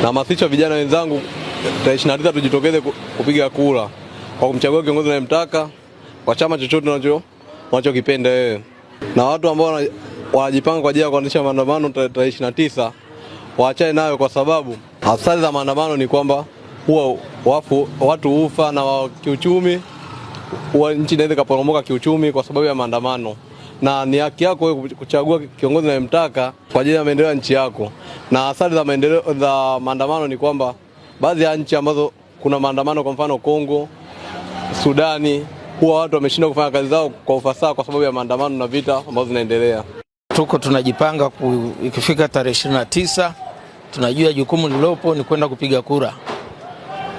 Nahamasisha vijana wenzangu tarehe ishirini tujitokeze kupiga kura kwa kumchagua kiongozi unayemtaka kwa chama chochote unachokipenda wewe, na watu ambao wanajipanga kwa ajili ya kuanzisha maandamano tarehe 29 waachane nayo, kwa sababu hasara za maandamano ni kwamba huwa wafu, watu hufa na kiuchumi, huwa nchi inaweza ikaporomoka kiuchumi kwa sababu ya maandamano na ni haki yako wewe kuchagua kiongozi unayemtaka kwa ajili ya maendeleo ya nchi yako. Na athari za maendeleo za maandamano ni kwamba baadhi ya nchi ambazo kuna maandamano, kwa mfano Kongo, Sudani, huwa watu wameshindwa kufanya kazi zao kwa ufasaha kwa sababu ya maandamano na vita ambazo zinaendelea. Tuko tunajipanga ikifika tarehe ishirini na tisa, tunajua jukumu lilopo ni kwenda kupiga kura.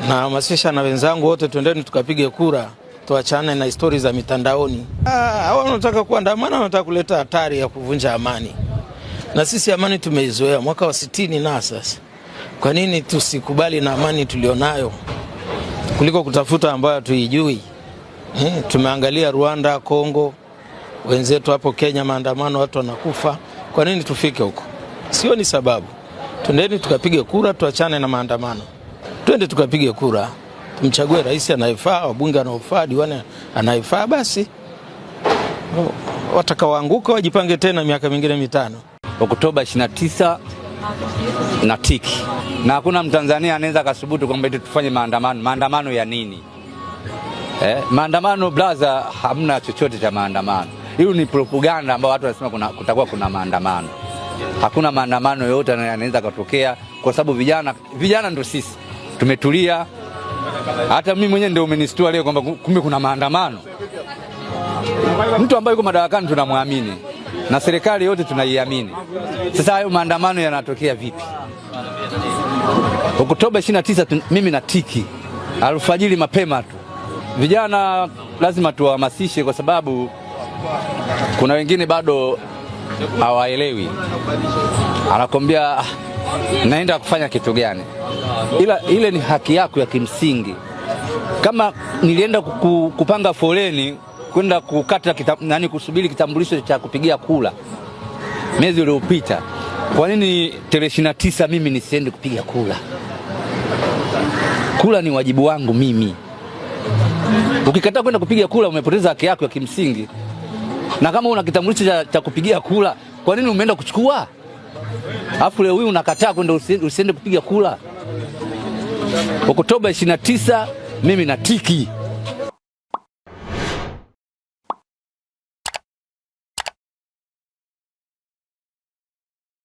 Nahamasisha na wenzangu wote, twendeni tukapige kura tuachane na histori za mitandaoni. Ah, hawa wanataka kuandamana, wanataka kuleta hatari ya kuvunja amani, na sisi amani tumeizoea mwaka wa sitini na sasa. Kwa nini tusikubali na amani tulionayo kuliko kutafuta ambayo tuijui? Eh, hmm, tumeangalia Rwanda, Kongo, wenzetu hapo Kenya, maandamano watu wanakufa. Kwa nini tufike huko? Sio ni sababu. Twendeni tukapige kura, tuachane na maandamano, twende tukapige kura mchague rais anayefaa, wabunge anaofaa diwani anayefaa, basi watakaoanguka wajipange tena miaka mingine mitano. Oktoba 29 na tiki, na hakuna Mtanzania anaweza akasubutu kwamba tufanye maandamano. Maandamano ya nini? Eh, maandamano blaza, hamna chochote cha maandamano. Hiyo ni propaganda ambayo watu wanasema kuna, kutakuwa kuna maandamano. Hakuna maandamano yoyote yanaweza katokea, kwa sababu vijana vijana ndio sisi tumetulia. Hata mimi mwenyewe ndio umenistua leo kwamba kumbe kuna maandamano. Mtu ambaye yuko madarakani tunamwamini na serikali yote tunaiamini. Sasa hayo maandamano yanatokea vipi? Oktoba 29 mimi natiki alfajiri mapema tu. Vijana lazima tuwahamasishe, kwa sababu kuna wengine bado hawaelewi, anakwambia ah, naenda kufanya kitu gani, ila ile ni haki yako ya kimsingi. Kama nilienda kuku, kupanga foleni kwenda kukata kita, nani kusubiri kitambulisho cha kupigia kula mwezi uliopita, kwa nini tarehe ishirini na tisa mimi nisiende kupiga kula? Kula ni wajibu wangu mimi. Ukikataa kwenda kupiga kula, umepoteza haki yako ya kimsingi. Na kama una kitambulisho cha, cha kupigia kula, kwa nini umeenda kuchukua? Alafu leo huyu unakataa kwenda usiende kupiga kura Oktoba 29, mimi natiki.